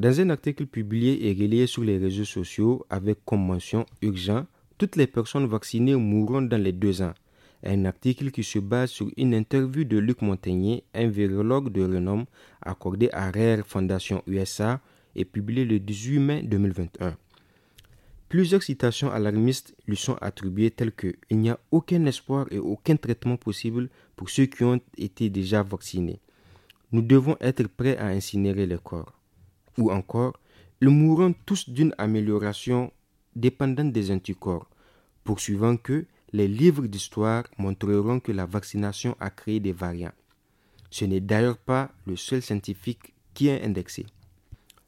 Dans un article publié et relayé sur les réseaux sociaux avec convention urgent, toutes les personnes vaccinées mourront dans les deux ans. Un article qui se base sur une interview de Luc Montagnier, un virologue de renom accordé à Rare Fondation USA et publié le 18 mai 2021. Plusieurs citations alarmistes lui sont attribuées telles que Il n'y a aucun espoir et aucun traitement possible pour ceux qui ont été déjà vaccinés. Nous devons être prêts à incinérer les corps ou encore ils mourront tous d'une amélioration dépendante des anticorps, poursuivant que les livres d'histoire montreront que la vaccination a créé des variants. Ce n'est d'ailleurs pas le seul scientifique qui est indexé.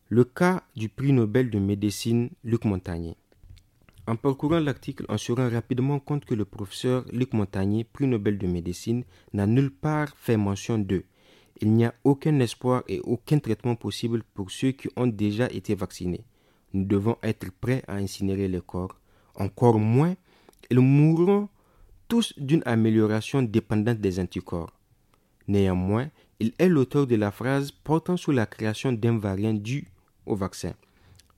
Le cas du prix Nobel de médecine Luc Montagnier. En parcourant l'article, on se rend rapidement compte que le professeur Luc Montagnier, prix Nobel de médecine, n'a nulle part fait mention d'eux il n'y a aucun espoir et aucun traitement possible pour ceux qui ont déjà été vaccinés. Nous devons être prêts à incinérer les corps. Encore moins, ils mourront tous d'une amélioration dépendante des anticorps. Néanmoins, il est l'auteur de la phrase portant sur la création d'un variant dû au vaccin.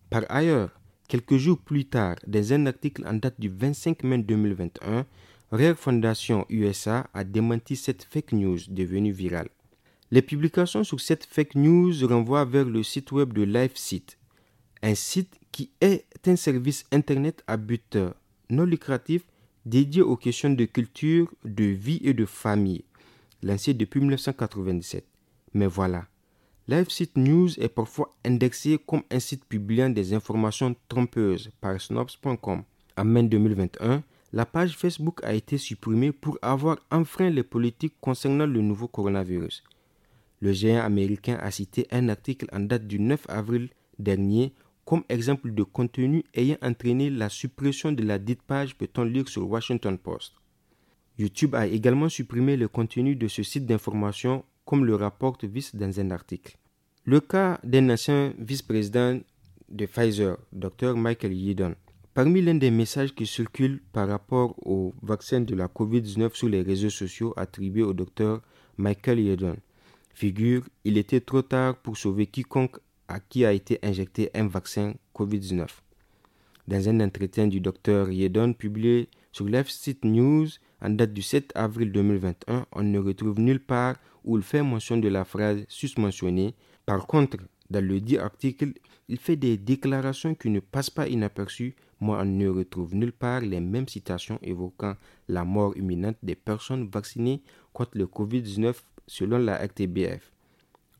Par ailleurs, quelques jours plus tard, dans un article en date du 25 mai 2021, Rare Foundation USA a démenti cette fake news devenue virale. Les publications sur cette fake news renvoient vers le site web de LifeSite, un site qui est un service Internet à but non lucratif dédié aux questions de culture, de vie et de famille, lancé depuis 1997. Mais voilà, LifeSite News est parfois indexé comme un site publiant des informations trompeuses par snobs.com. En mai 2021, la page Facebook a été supprimée pour avoir enfreint les politiques concernant le nouveau coronavirus. Le géant américain a cité un article en date du 9 avril dernier comme exemple de contenu ayant entraîné la suppression de la dite page, peut-on lire sur Washington Post. YouTube a également supprimé le contenu de ce site d'information, comme le rapporte Vice dans un article. Le cas d'un ancien vice-président de Pfizer, Dr. Michael Yeadon. Parmi l'un des messages qui circulent par rapport au vaccin de la COVID-19 sur les réseaux sociaux attribués au Dr. Michael Yeadon, figure, il était trop tard pour sauver quiconque à qui a été injecté un vaccin COVID-19. Dans un entretien du docteur Yedon publié sur le site News en date du 7 avril 2021, on ne retrouve nulle part où il fait mention de la phrase susmentionnée. Par contre, dans le dit article, il fait des déclarations qui ne passent pas inaperçues. Moi, on ne retrouve nulle part les mêmes citations évoquant la mort imminente des personnes vaccinées contre le COVID-19 selon la RTBF.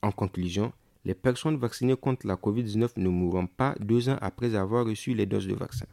En conclusion, les personnes vaccinées contre la COVID-19 ne mourront pas deux ans après avoir reçu les doses de vaccin.